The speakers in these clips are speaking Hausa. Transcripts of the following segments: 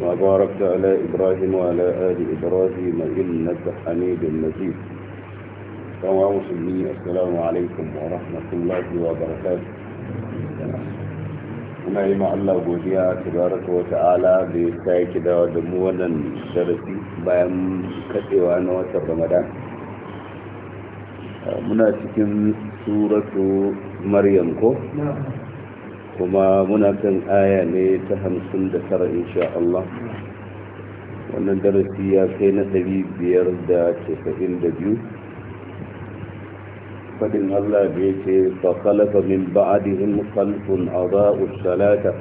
وباركت على إبراهيم وعلى آل إبراهيم إنك حميد مجيد كما مسلمين السلام عليكم ورحمة الله وبركاته muna yi Allah godiya baraka wata ala da ya sake dawa da mu wannan darasi bayan katsewa na watan ramadan muna cikin suratu maryam ko kuma muna kan aya ne ta hamsin da tara insha Allah wannan darasi ya kai na ɗari biyar da casa'in da biyu faɗin Allah da yake fa khalafa min ba'dihim khalfun adaa'u salata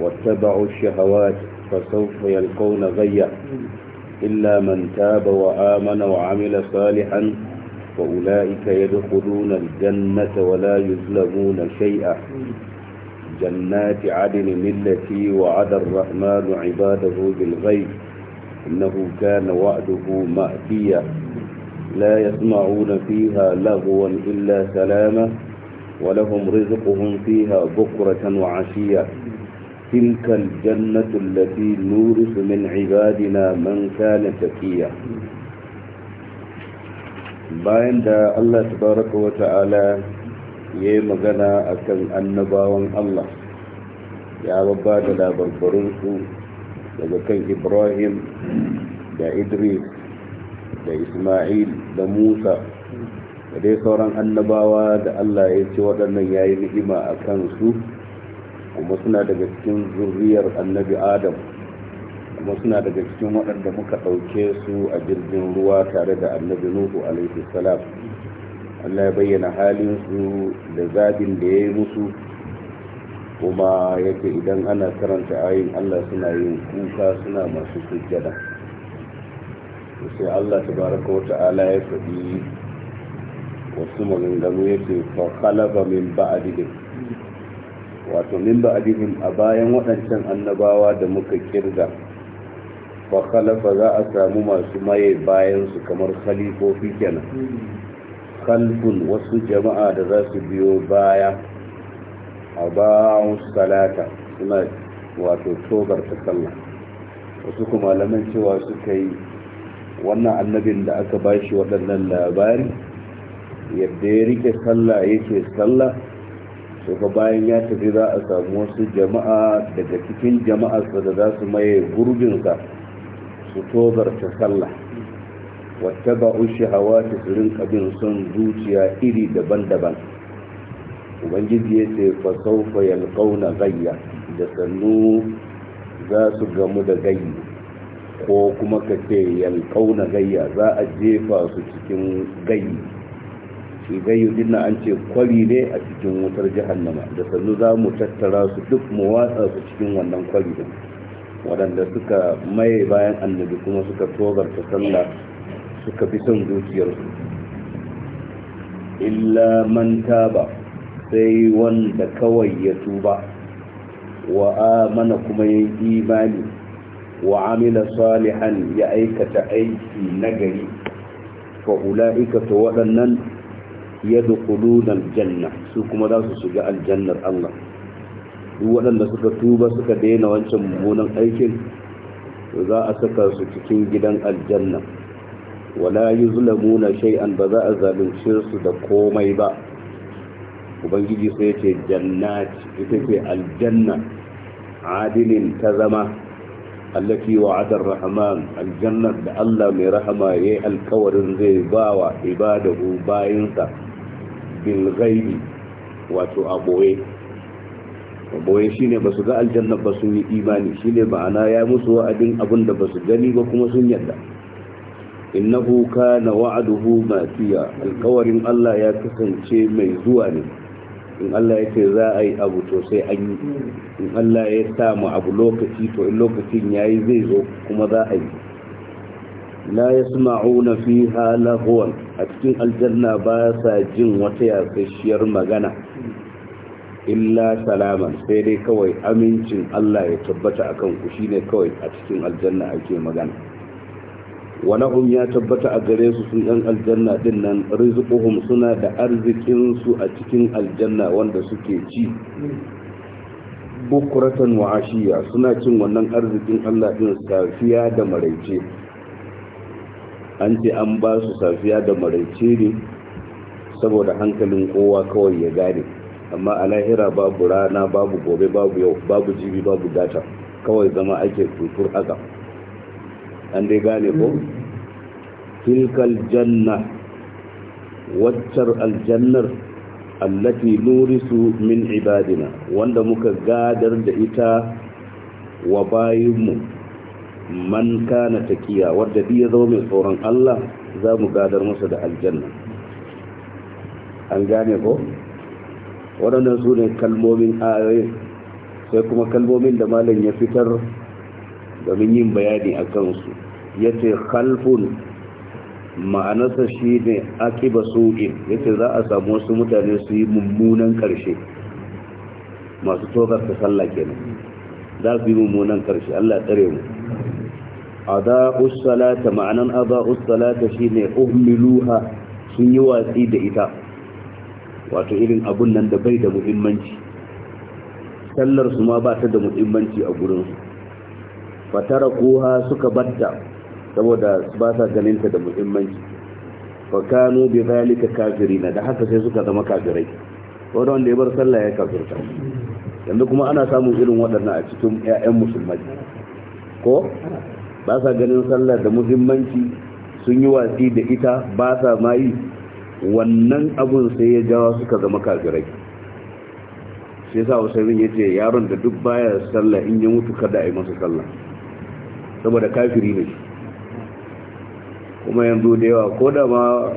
wattaba'u shahawat fa sawfa yalqawna ghayya illa man taba wa amana wa amila salihan fa ulaika yadkhuluna al-jannata wa la yuzlamuna shay'a جنات عدن التي وعد الرحمن عباده بالغيب إنه كان وعده مأتيا لا يسمعون فيها لغوا إلا سلاما ولهم رزقهم فيها بكرة وعشيا تلك الجنة التي نورث من عبادنا من كان شكيا باين دا الله تبارك وتعالى ya yi magana a kan annabawan Allah ya babba da labarbarinsu daga kan ibrahim da idris da ismail da musa da dai sauran annabawa da allah ya ce waɗannan ya yi ni'ima a kansu kuma suna daga cikin zurriyar annabi adam kuma suna daga cikin waɗanda muka ɗauke su a jirgin ruwa tare da annabi nuhu a.s. Allah ya bayyana halinsu da zabin da ya yi musu kuma yake idan ana karanta ayin Allah suna yin kuka suna masu sujjada sai Allah tabaraka wa ta'ala ya faɗi wasu maganganu yake fa min ba'dihim wato min ba'dihim a bayan waɗancan annabawa da muka kirga fa za a samu masu maye bayan su kamar khalifofi kenan kalfun wasu jama'a da za su biyo baya a ba'un salata suna wato tobar ta sallah wasu kuma malaman cewa suka yi wannan annabin da aka bashi waɗannan labari yadda ya rike sallah yake sallah to fa bayan ya tafi za a samu wasu jama'a daga cikin jama'arsa da za su maye gurbinsa su ta sallah wattaba'u shahawati hawa rinka kabin son zuciya iri daban-daban ubangiji ya ce fa gayya da sannu za su gamu da gayi ko kuma ka ce yalqawna gayya za a jefa su cikin gayi shi gayyu din an ce kwari ne a cikin wutar jahannama da sannu za mu tattara su duk mu watsa su cikin wannan kwari din waɗanda suka maye bayan annabi kuma suka togarta sallah suka fi son zuciyarsu illa man taba sai wanda kawai ya tuba wa amana kuma ya imani wa Amina salihan ya aikata aiki nagari fa ula'ika to waɗannan yadkhuluna janna, su kuma za su shiga aljannar Allah duk waɗanda suka tuba suka daina wancan mummunan aikin za a saka su cikin gidan aljanna wala zulamuna shay'an ba za a zalunce su da komai ba ubangiji sai ce jannati ita ce aljanna adilin ta zama allati wa'ada rahman aljanna da Allah mai rahama yi alkawarin zai bawa ibadahu bayinsa bin ghaibi wato a boye boye ba su ga aljanna ba sun yi imani shine ma'ana ya musu wa'adin abin da basu gani ba kuma sun yadda innahu kana wa'aduhu matiya alkawarin Allah ya kasance mai zuwa ne in Allah ya ce za a yi abu to sai an yi in Allah ya samu abu lokaci to in lokacin yayi zai zo kuma za a yi la yasma'una fiha lahwan a cikin aljanna ba sa jin wata yasasshiyar magana illa salaman sai dai kawai amincin Allah ya tabbata akan ku shine kawai a cikin aljanna ake magana walahum ya tabbata a gare su sun yan aljanna din nan rizquhum suna da arzikin su a cikin aljanna wanda suke ci bukuratan wa suna cin wannan arzikin Allah din safiya da maraice an ce an ba su safiya da maraice ne saboda hankalin kowa kawai ya gane amma a lahira babu rana babu gobe babu yau babu jibi babu data kawai zama ake tutur aka an dai gane ko tilkal janna waccar aljannar allati nurisu min ibadina wanda muka gadar da ita wa bayinmu man kana taqiya wanda bi ya zama mai tsoron Allah za mu gadar masa da aljanna an gane ko waɗannan su ne kalmomin ayoyin sai kuma kalmomin da malam ya fitar domin yin bayani a kansu ya ce khalfun ma'anarsa shi ne akiba su'in ya ce za a samu wasu mutane su yi mummunan karshe masu tokar ta sallah kenan za su yi mummunan ƙarshe allah tsare mu adha'us salata ma'anan adha'us salata shine uhmiluha sun yi watsi da ita wato irin abun nan da bai da muhimmanci sallar su ma ba ta da muhimmanci a gurin su kuwa suka batta saboda ba sa ganinta da muhimmanci fa kanu bi zalika na da haka sai suka zama kafirai wanda wanda ya bar sallah ya kafirta yanzu kuma ana samun irin waɗannan a cikin ƴaƴan musulmai ko ba sa ganin sallah da muhimmanci sun yi watsi da ita ba sa ma wannan abun sai ya jawa suka zama kafirai sai sa wasu ya ce yaron da duk baya sallah in ya mutu kada a yi masa sallah saboda kafiri ne kuma yanzu da yawa ko da ma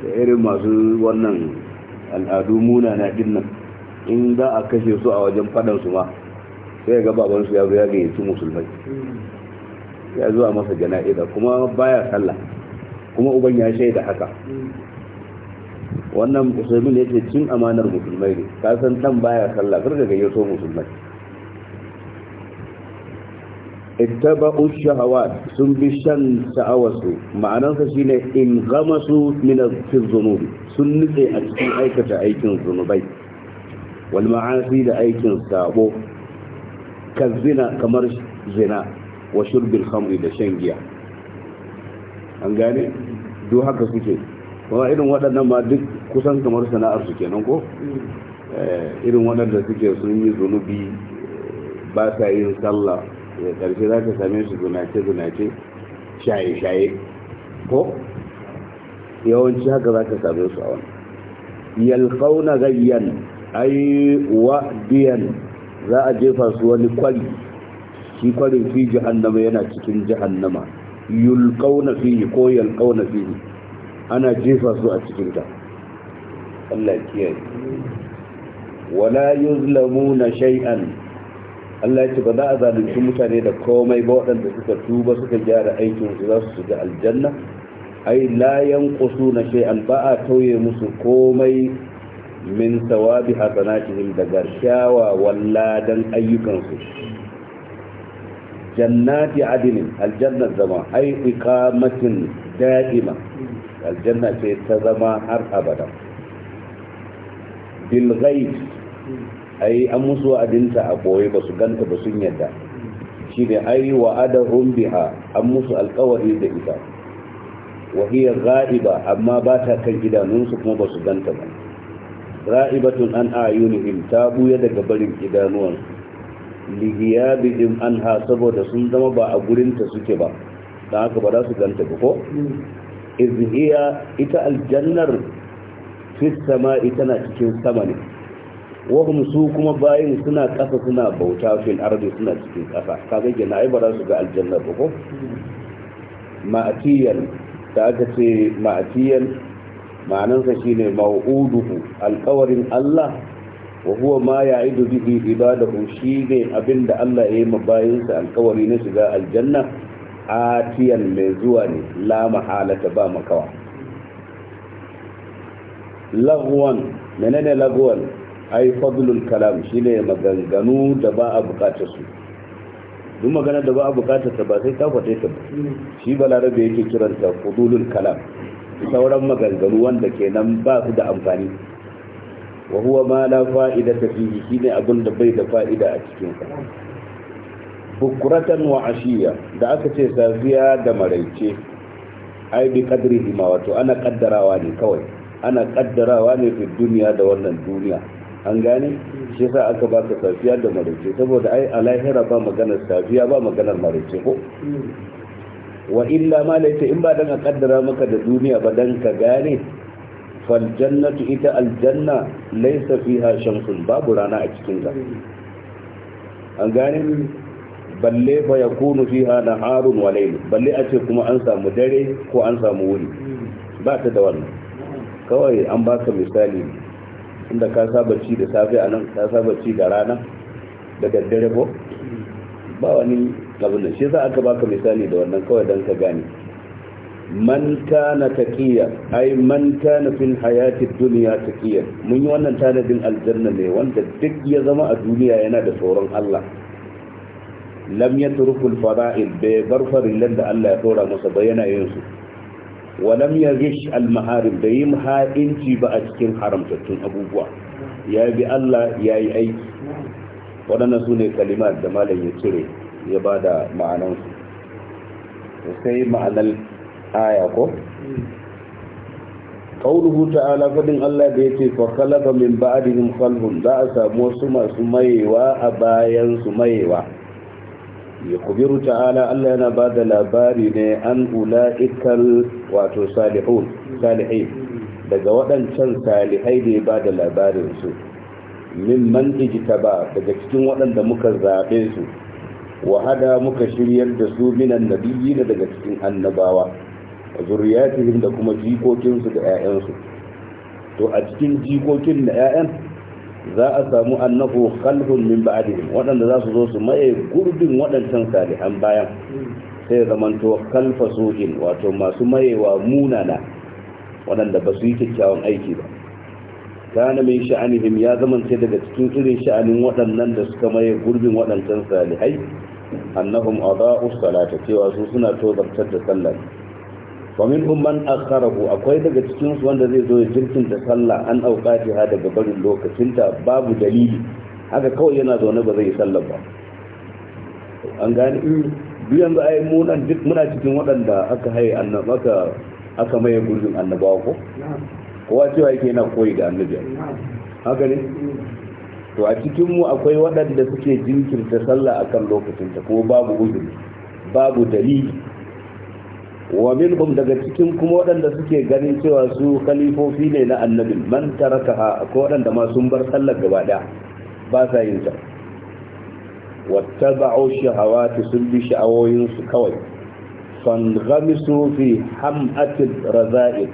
da irin masu wannan al'adu muna na dinnan in za a kashe su a wajen su ma sai ga babansu ya zo ya gayyaci musulmai ya zuwa masa jana'iza kuma baya sallah kuma uban ya shaida haka wannan musulmi yace ce cin amanar musulmai ne kasan dan baya sallah kar ga gayyato musulmai ittaba'u shahawat sun bi shan sha'awarsu ma'anarsa shine in gama su min az-zunub sun nutse a cikin aikata aikin zunubai wal ma'asi da aikin sabo kazina kamar zina wa shurbil khamri da shan giya an gane duk haka suke kuma irin waɗannan ma duk kusan kamar sana'ar su kenan ko irin waɗanda suke sun yi zunubi ba sa yin sallah da ƙarshe za ka same su zunace-zunace, shaye-shaye ko yawanci haka za ka same su a wani yalkauna gayyan ai biyan za a jefa su wani kwari shi kwari fi jahannama yana cikin jahannama yulkauna fi ko yalkauna fi ana jefa su a cikin ta Allah kiyaye wala yuzlamuna shay'an Allah ya ce ba za a zalunci mutane da komai ba waɗanda suka tuba suka gyara aikin su za su shiga aljanna ai la yanqusu na an ba a tauye musu komai min sawabi hasanatihim daga kyawawan ladan ayyukan su jannati adinin aljanna zama ai iqamatin da'ima aljanna ce ta zama har abada bil ghaib ai an musu wa'adinta a boye ba su ganta ba sun yadda shi ne ai wa'adahum biha an musu alkawari da ita wa hiya ghaiba amma ba ta kan idanunsu kuma ba su ganta ba ra'ibatun an ayunihim ta buya daga barin idanuwansu an anha saboda sun zama ba a gurinta suke ba don haka ba za su ganta ba ko izhiya ita aljannar fi sama ita na cikin sama ne wahum su kuma bayin suna kasa suna bauta fil ardi suna cikin kasa kaga gina ai su ga aljanna ba ko ma'atiyan da aka ce ma'atiyan ma'anansa shine mau'uduhu alƙawarin Allah wa huwa ma ya'idu bihi ibadahu shine abinda Allah ya yi ma bayinsa alƙawari na shiga aljanna atiyan mai zuwa ne la mahalata ba makawa lagwan menene lagwan ai fadlul kalam shine maganganu da ba a bukata su duk magana da ba a bukata ta ba sai ta kwata ta shi balarabe yake kiranta fudulul kalam sauran maganganu wanda kenan ba su da amfani wa huwa ma la ta fihi shine abin da bai da fa'ida a cikin sa bukuratan wa ashiya da aka ce safiya da maraice ai bi kadri ma wato ana kaddarawa ne kawai ana kaddarawa ne fi duniya da wannan duniya an gane shi sa aka ba ka safiya da maraice saboda ai a lahira ba maganar safiya ba maganar maraice ko wa illa ma laita in ba dan a kaddara maka da duniya ba dan ka gane fal jannatu ita aljanna laysa fiha shamsun babu rana a cikin ta an gane balle fa yakunu fiha naharun wa layl balle a ce kuma an samu dare ko an samu wuri ba ta da wannan kawai an baka misali inda ka saba ci da safe a nan ka saba ci da rana da daddare ko ba wani abu da shi za aka baka misali da wannan kawai don ka gane man kana taqiyya ai man kana fil hayati dunya taqiyya mun yi wannan tanadin aljanna ne wanda duk ya zama a duniya yana da tsoron Allah lam yatruku al fara'id bai bar farillan da Allah ya tsora masa bayana yin su walam ya rish da yi ha'inci ba a cikin haramtattun abubuwa ya bi Allah ya yi aiki waɗannan sune ne kalimar da malam ya cire ya ba da ma'anansu sai ma'anar aya ko ƙaunuhu ta'ala faɗin Allah da ya ce fakalaka min ba'adihim khalfun za a samu wasu masu mayewa a bayan su mayewa yukhbiru ta'ala Allah yana ba da labari ne an ula'ikal wato salihun salihai daga waɗancan salihai ne ba da labarin su min man ijtaba daga cikin waɗanda muka zaɓe su Wahada muka shiryar da su minan nabiyyin daga cikin annabawa wa zurriyatihim da kuma jikokinsu da 'ya'yansu to a cikin jikokin da 'ya'yan za a samu annahu khalfun min ba'dihim waɗanda za su zo su maye gurbin waɗancan salihan bayan sai ya zamanto kalfa suhin wato masu mayewa munana waɗanda ba su yi kyakkyawan aiki ba kana min sha'anihim ya sai daga cikin irin sha'anin waɗannan da suka maye gurbin waɗancan salihai annahum adaa'u salata cewa su suna tozartar da sallah wa minhum man akharahu akwai daga cikin su wanda zai zo ya jirkinta sallah an auqati ha daga barin lokacinta babu dalili haka kawai yana zaune ba zai sallar ba an gani, duk yanzu ai mu nan duk muna cikin waɗanda aka haye annabi aka aka maye gurbin annabawa ko kowa cewa ke yana koyi da annabi haka ne to a cikin mu akwai waɗanda suke jinkirta sallah akan lokacinta ko babu uzuri babu dalili wa minhum daga cikin kuma waɗanda suke ganin cewa su khalifofi ne na annabin man tarakaha ko waɗanda ma sun bar sallar gaba ɗaya ba sa yin ta wattaba'u shahawati sun bi sha'awoyin su kawai ghamisu fi ham'atid raza'il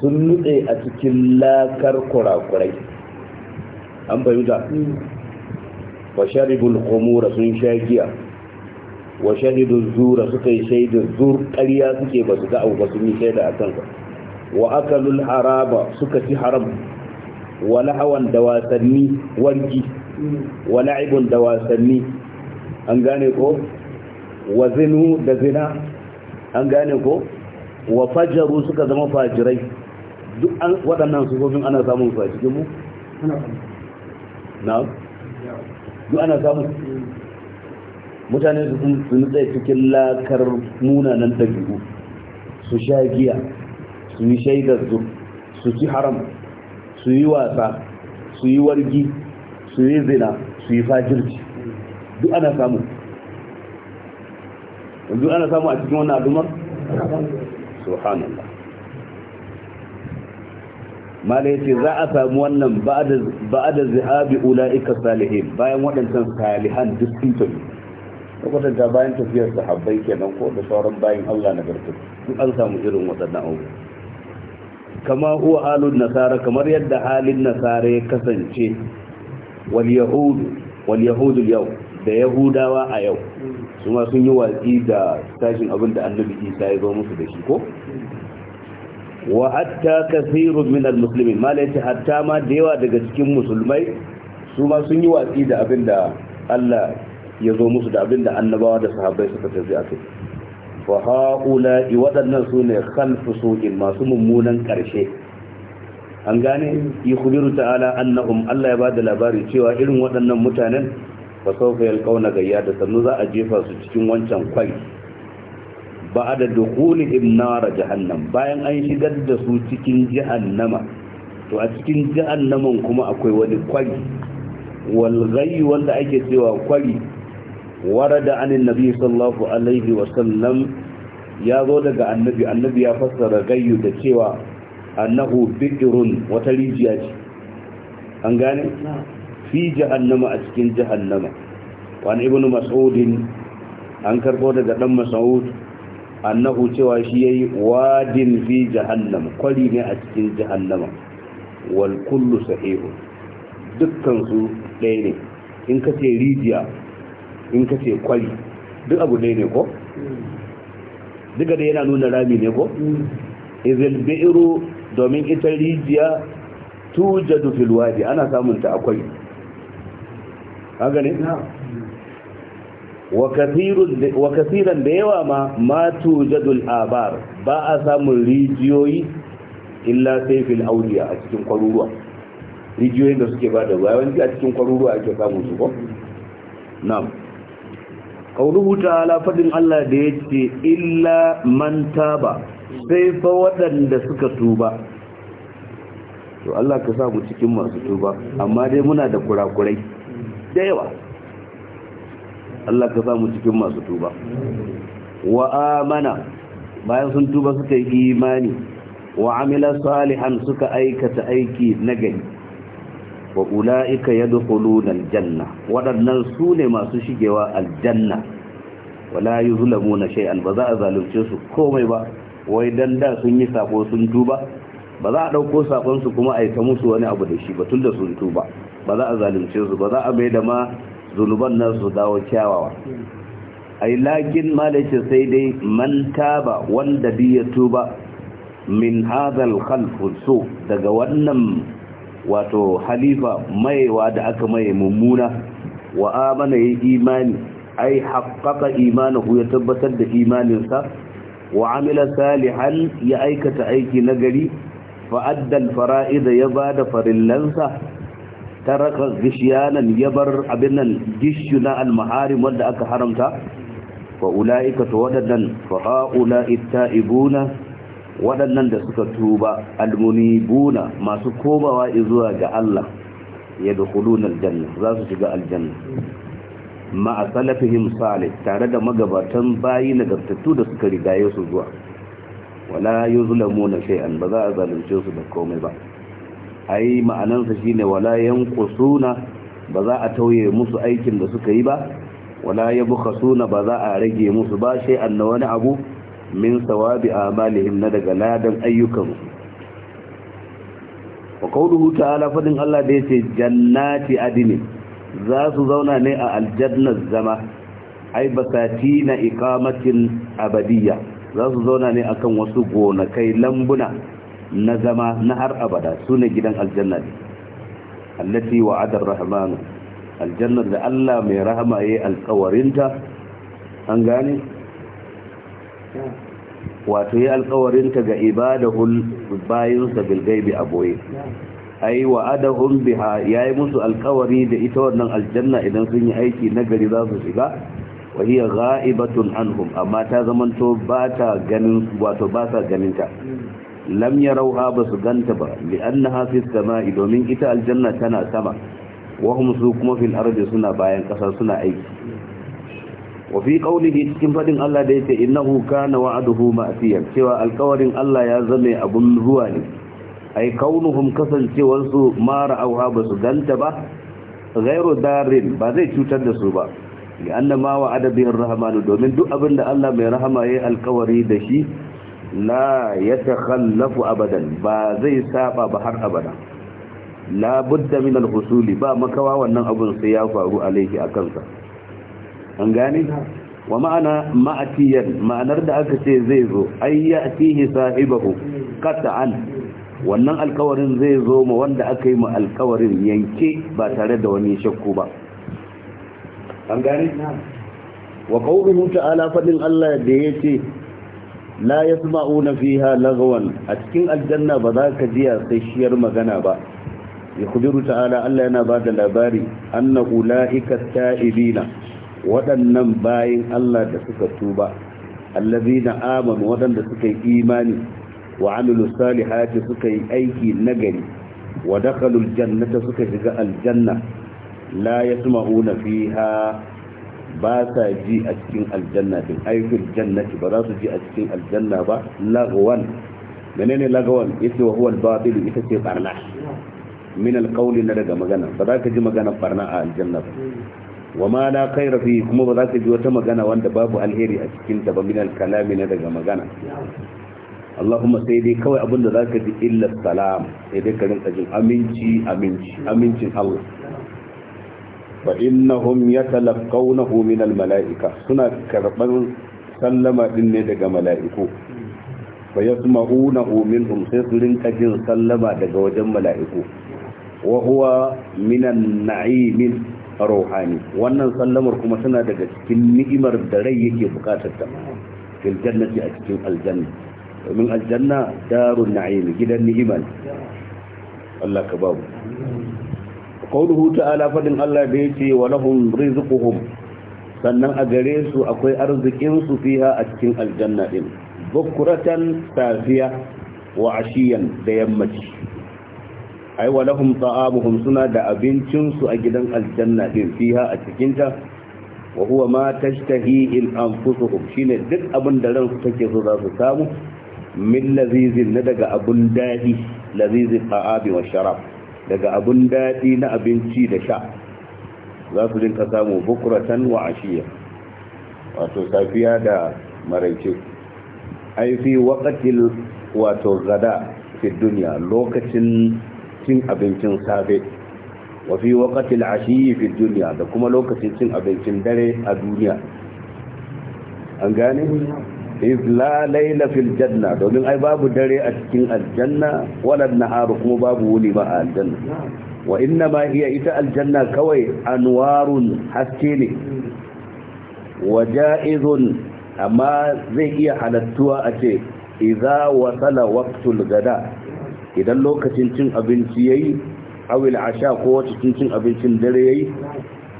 sun nutse a cikin lakar kurakurai an fahimta wa sharibul khumura sun sha giya wa shahidu zura suka yi shaidar zur ƙarya suke ba su ga abu ba sun yi shaida a kansa wa akalul haraba suka ci haram wa lahawan da wasanni warki wa la'ibun da wasanni an gane ko wa zinu da zina an gane ko wa fajaru suka zama fajirai duk an waɗannan sufofin ana samun su a cikin mu na duk ana samun hmm. mutane su sun tsaye cikin lakar munanan ɗabi'u su sha giya su yi shaidar su su ci haram su yi wasa su yi wargi su yi zina su yi fajirci duk ana samu duk ana samu a cikin wannan al'ummar subhanallah mala yace za a samu wannan ba'da da zihabi ulaika salihin bayan waɗancan salihan duk sun ka kwatanta bayan tafiyar sahabbai kenan ko da sauran bayan Allah na garfi in an samu irin waɗannan abu kama huwa halin nasara kamar yadda halin nasara ya kasance wal yahudu wal yahudu yau da yahudawa a yau su ma sun yi watsi da tashin abin da annabi isa ya zo musu da shi ko wa hatta kasirun min muslimin ma laita hatta ma da yawa daga cikin musulmai su ma sun yi watsi da abin da Allah ya zo musu da abin da annabawa da sahabbai suka tafi a kai wa haula waɗannan su ne khalfu su'in masu mummunan ƙarshe an gane yukhbiru ta'ala annahum Allah ya ba da labari cewa irin waɗannan mutanen fa sawfa yalqawna gayya da sannu za a jefa su cikin wancan kwai ba da dukhulihim jahannam bayan an shigar da su cikin jahannama to a cikin jahannaman kuma akwai wani kwari walgayi wanda ake cewa kwari ورد عن النبي صلى الله عليه وسلم ya zo daga annabi annabi ya fassara gayyu da cewa annahu bidrun wata rijiya ce an gane fi jahannama a cikin jahannama wani ibn mas'udin an karbo daga dan mas'ud annahu cewa shi yayi wadin fi jahannama kwari ne a cikin jahannama wal kullu sahihun dukkan su ɗaya ne in ka ce rijiya in ka ce kwari duk abu ne ne ko duka da yana nuna rami ne ko izil bi'ru domin ita rijiya tujadu fil wadi ana samunta akwai agane? ne wa kasiran da yawa ma ma tujadul abar ba a samun rijiyoyi illa sai fil auliya a cikin kwaruruwa rijiyoyin da suke ba da ruwa yawanci a cikin kwaruruwa ake samun su ko na'am ƙaunuhu ta'ala faɗin Allah da ya ce illa manta ba, sai fa waɗanda suka tuba to Allah ka sa cikin masu tuba amma dai muna da kurakurai da yawa Allah ka sa cikin masu tuba wa amana bayan sun tuba suka yi imani wa amila salihan suka aikata aiki na nagari wa ula'ika yadkhuluna Janna. waɗannan su ne masu shigewa aljanna wala na shay'an ba za a zalunce su komai ba wai dan da sun yi sako sun tuba ba za a ɗauko sakon kuma a yi ta musu wani abu da shi ba tunda sun tuba ba za a zalunce su ba za a bai da ma zunuban nan su dawo kyawawa ai lakin malace sai dai manta ba wanda bi ya tuba min hadal khalqu su daga wannan wato halifa maiwa da aka maye mummuna wa amana ya imani ai haƙaƙa ku ya tabbatar da imaninsa wa amila salihan ya aikata aiki nagari fa'addal fara'ida ya ba da farillansa taraka gishiyanan ya bar abin nan gishu na almaharim wanda aka haramta fa'ula'ika ta waɗannan fa'a'ula'ita ibuna waɗannan da suka tuba almuni-buna masu komawa izuwa ga Allah ya dukulun aljanna za su shiga aljanna ma'a salafihim salih tare da magabatan bayi na nagartattu da suka rigaye su zuwa wala na shay'an ba za a zalunce su da komai ba ai ma'anansa shine wala suna ba za a tauye musu aikin da suka yi ba wala suna ba za a rage musu ba shay'an na wani abu min sawabi amalihim na daga ladan ayyukansu wa qawluhu ta'ala fadin Allah da yace jannati adini za su zauna ne a aljannat zama ai basatina iqamatin abadiyya za su zauna ne akan wasu gonakai lambuna na zama na har abada sune gidan aljanna ne allati wa'ada ar-rahmanu aljannar da Allah mai rahama yayi alƙawarinta an gane wato yi alkawarinta ga ibadahul bayinsa bilgaibi a boye ai wa'adahum biha yayi musu alkawari da ita wannan aljanna idan sun yi aiki nagari za su shiga wa hiya gha'ibatun anhum amma ta zamanto ta wato ba sa ganin ta lam rauha ba su ganta ba li'annaha fi sama'i domin ita aljanna tana sama wahumsu kuma fil ardi suna bayan ƙasa suna aiki wa fi cikin fadin Allah da yake innahu kana wa'aduhu ma'tiyan cewa alƙawarin Allah ya zame abun zuwa ne ai kaunuhum kasancewar su mara auha ba su ganta ba ghairu darin ba zai cutar da su ba ya anna ma wa'ada bihi rahman domin duk abin da Allah mai rahama yayi alƙawari da shi la yatakhallafu abadan ba zai saba ba har abada la budda min al ba makawa wannan abun sai ya faru alaihi akansa an gane wa ma'ana ma'atiyar ma'anar da aka ce zai zo ai ya atihi sahibahu qat'an wannan alkawarin zai zo ma wanda aka yi ma alkawarin yanke ba tare da wani shakku ba an gane wa qawluhu ta'ala fadin Allah da yace la yasma'una fiha lagwan a cikin aljanna ba za ka ji yasashiyar magana ba ya kubiru ta'ala Allah yana ba da labari annahu la'ika waɗannan bayin Allah da suka tuba allazina amanu waɗanda suka yi imani wa amilu salihati suka yi aiki nagari wa dakhalul jannata suka shiga aljanna la yasma'una fiha ba sa ji a cikin aljanna din aikin jannati ba za su ji a cikin aljanna ba lagwan menene lagwan yace wa huwa al-batil ita ce barna min al-qawli na daga magana ba za ka ji magana barna a aljanna ba wa ma la khaira fi kuma ba za ka ji wata magana wanda babu alheri a cikin ta ba min al-kalami na daga magana Allahumma sai dai kawai abin da zaka ji illa salam sai dai ka rinka jin aminci aminci amincin Allah fa innahum yatalaqawnahu min al-mala'ika suna karban sallama din ne daga mala'iku fa yasma'unahu minhum sai su rinka jin sallama daga wajen mala'iku wa huwa minan na'imin ruhani wannan sallamar kuma tana daga cikin ni'imar da rai yake bukatar ta fil jannati a cikin aljanna domin aljanna darun na'im gidan ni'ima Allah ka babu qawluhu ta'ala fadin Allah da yace wa lahum rizquhum sannan a gare su akwai arzikin su fiha a cikin aljanna din bukuratan safiya wa ashiyan da yammaci ai wa lahum ta'abuhum suna da abincin su a gidan aljanna din fiha a cikin ta wa huwa ma tashtahi in anfusuhum shine duk abin da ransu take so za su samu min lazizin na daga abun daɗi lazizin ta'abi wa sharab daga abun daɗi na abinci da sha za su dinka samu bukuratan wa ashiya wato safiya da maraice ai fi waƙatil wato gada fi duniya lokacin cin abincin safe wa fi waqtil ashiyi fi dunya da kuma lokacin cin abincin dare a duniya an gane iz la layla fil janna domin ai babu dare a cikin aljanna wala nahar kuma babu wuni ba a aljanna wa inna ma hiya ita aljanna kawai anwarun haske ne wa ja'izun amma zai iya halattuwa a ce idza wasala waqtul gada idan lokacin cin abinci yayi awil asha ko wacce cin abincin dare yayi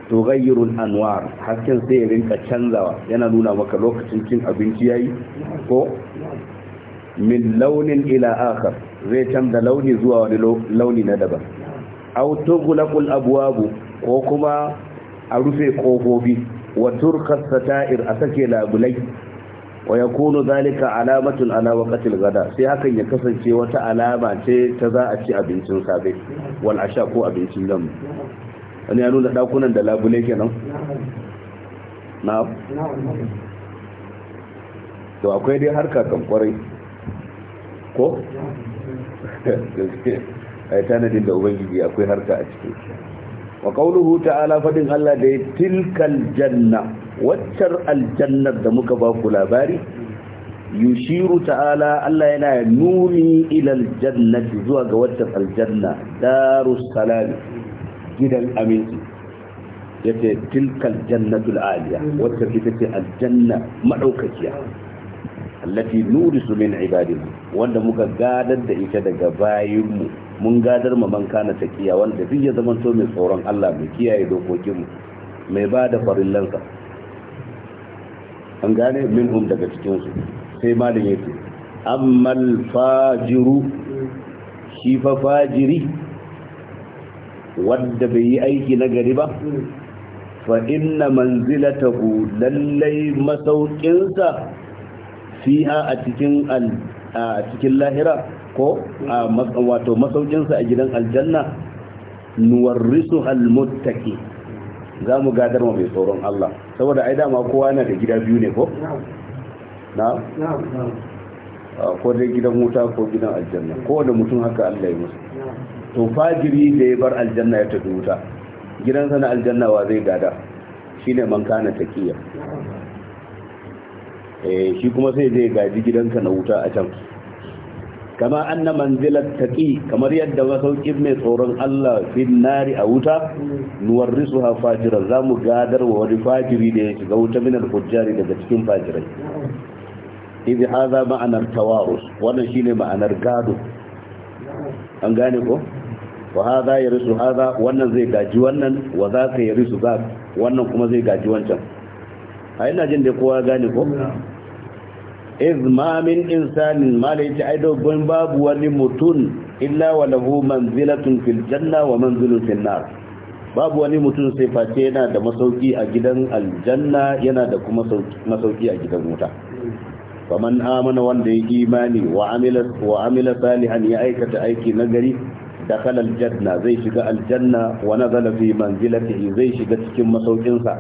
to gayyirul anwar hasken sai ya rinka canzawa yana nuna maka lokacin cin abinci yayi ko min launin ila akhar zai canza launi zuwa wani launi na daban aw tughlaqul abwabu ko kuma a rufe kofofi wa turkar sata'ir a sake labulai wa ya kono zalika alamatun ala waqtil gada sai hakan ya kasance wata alama ce ta za a ci abincin safe wal asha ko abincin dan wani ya nuna dakunan da labule kenan na to akwai dai harka kan kwarai ko ai tanadin da ubangiji akwai harka a ciki wa qauluhu ta'ala fadin Allah da tilkal janna waccar aljannar da muka ba ku labari yushiru ta'ala Allah yana nuni ilal jannati zuwa ga waccan aljanna darus salam gidan aminci yace tilkal jannatul aliya wacce ita ce aljanna madaukakiya allati nurisu min ibadina wanda muka gadar da ita daga bayinmu mun gadar ma man kana taqiya wanda duk ya zama to mai tsoron Allah mai kiyaye dokokinmu mai bada farillansa an gane minhum daga cikinsu sai malin yake ammal fajiru shi fa fajiri wadda bai yi aiki na gari ba fa inna manzilatahu lallai masaukinsa fiha a cikin a cikin lahira ko a wato masaukinsa a gidan aljanna nuwarrisu almuttaqi za mu gadar mai tsoron Allah saboda ai dama kowa yana da gida biyu ne ko na ko dai gidan wuta ko gidan aljanna ko da mutum haka Allah ya musu to fajiri da ya bar aljanna ya tafi wuta gidan na aljanna wa zai gada shine man kana taqiya eh shi kuma sai zai gaji gidanka na wuta a can kama anna manzilat taqi kamar yadda masaukin mai tsoron Allah fin nari a wuta nuwarrisuha fajiran zamu gadar wa wani fajiri da ya shiga wuta minal fujjari daga cikin fajirai idh haza ma'anar tawarus wannan shine ma'anar gado an gane ko wa hadha yarisu haza, wannan zai gaji wannan wa za zaka yarisu za, wannan kuma zai gaji wancan a ina jin da kowa gane ko izmamin insanin ma da aidobin babu wani mutum illa wa lahu manzilatun fil wa manzilun fil babu wani mutum sai face yana da masauki a gidan aljanna yana da kuma masauki a gidan wuta kaman amana wanda ya imani wa amila wa amila salihan ya aikata aiki nagari dakhala aljanna zai shiga aljanna wa nazala fi manzilatihi zai shiga cikin masaukinsa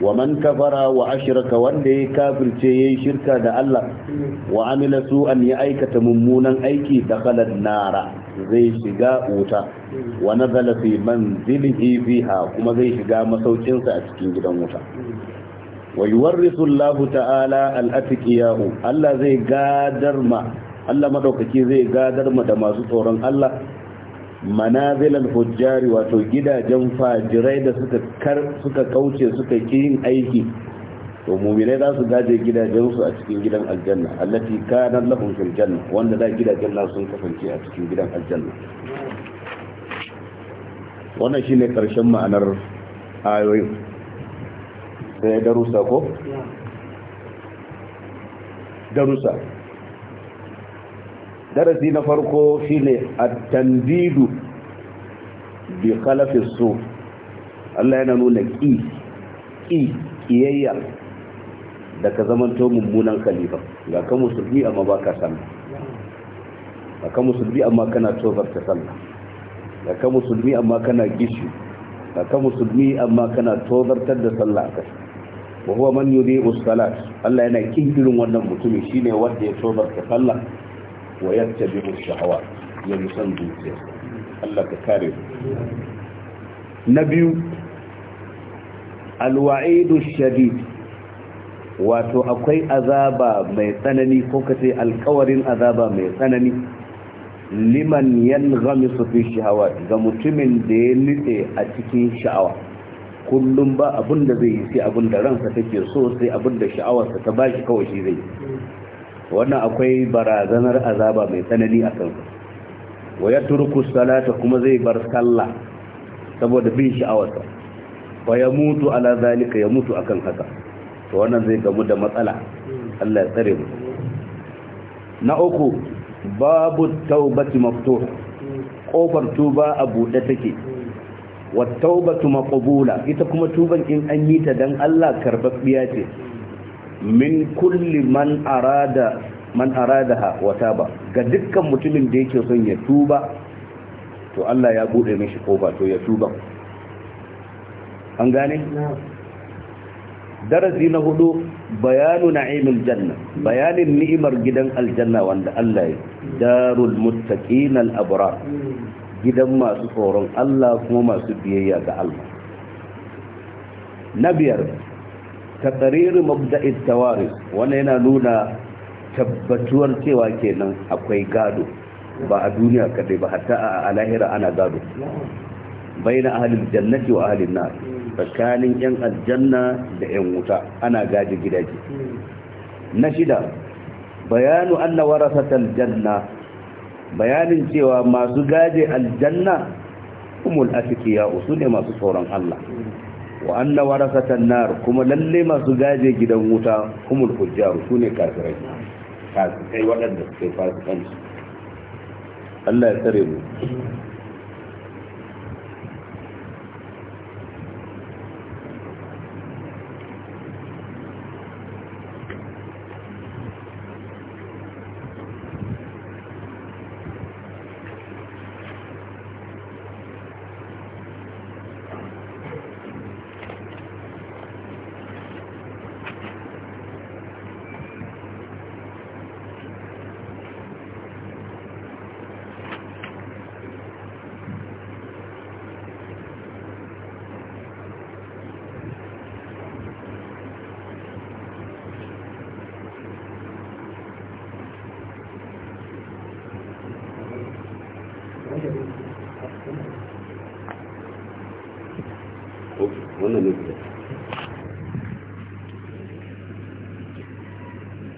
wa man kafara wa ashraka wanda ya kafirce yayi shirka da Allah wa amila an ya aikata mummunan aiki dakhalat nara zai shiga wuta wa nazala fi manzilihi fiha kuma zai shiga masaukinsa a cikin gidan wuta wa yuwarrisu Allah ta'ala al-atqiyahu Allah zai gadar ma Allah madaukaki zai gadar ma da masu tsoron Allah manazilan hujjari wato gidajen fajirai da suka kar suka kauce suka yin aiki to mu'minai za su gaje gidajensu a cikin gidan aljanna allati kana lahum fil janna wanda da gidajen nasu sun kasance a cikin gidan aljanna wannan shine karshen ma'anar ayoyin sai darusa ko darusa darasi na farko shine at-tanzidu bi khalafi su Allah yana nuna ki ki kiyayya da ka zamanto mummunan khalifa ga ka musulmi amma ba ka sallah ga ka musulmi amma kana tobar ta sallah ga ka musulmi amma kana gishi ga ka musulmi amma kana tobartar da sallah ka wa huwa man yudhi'u salat Allah yana kin irin wannan mutumin shine wanda ya tobar ta sallah wa yattabi'u shahawa ya bi son Allah ka kare na biyu alwa'idu shadid wato akwai azaba mai tsanani ko kace alkawarin azaba mai tsanani liman yanghamisu fi shahawa ga mutumin da ya nitse a cikin sha'awa kullum ba abin da zai yi sai abin da ransa take so sai abin da sha'awarsa ta bashi kawai shi zai wannan akwai barazanar azaba mai tsanani a kansu wa ya turku salata kuma zai bar sallah saboda bin sha'awarsa Wa ya mutu ala zalika ya mutu akan haka to wannan zai gamu da matsala Allah ya tsare mu na uku babu taubati maftuh kofar tuba a buɗe take wa taubatu maqbula ita kuma tuban in an yi ta dan Allah karbabbiya ce min kulli man arada man aradaha wa taba ga dukkan mutumin da yake son ya tuba to Allah ya bude mishi kofa to ya tuba an gane darasi na hudu bayanu na'imul janna bayanin ni'imar gidan aljanna wanda Allah ya darul muttaqin al abrar gidan masu tsoron Allah kuma masu biyayya ga Allah na biyar taqrir mabda'in tawari wannan yana nuna tabbatuwar cewa kenan akwai gado ba a duniya kadai ba hatta a Alahira ana gado baina ahlil jannati wa ahlin nar tsakanin yan aljanna da yan wuta ana gaji gidaje na shida bayanu anna warasatal janna bayanin cewa masu gaje aljanna umul atqiya ne masu tsoron Allah wa anna warasatan nar kuma lalle masu gaje gidan wuta humul hujjaru sune kafirai kafirai waɗanda suke fasikanci Allah ya tsare mu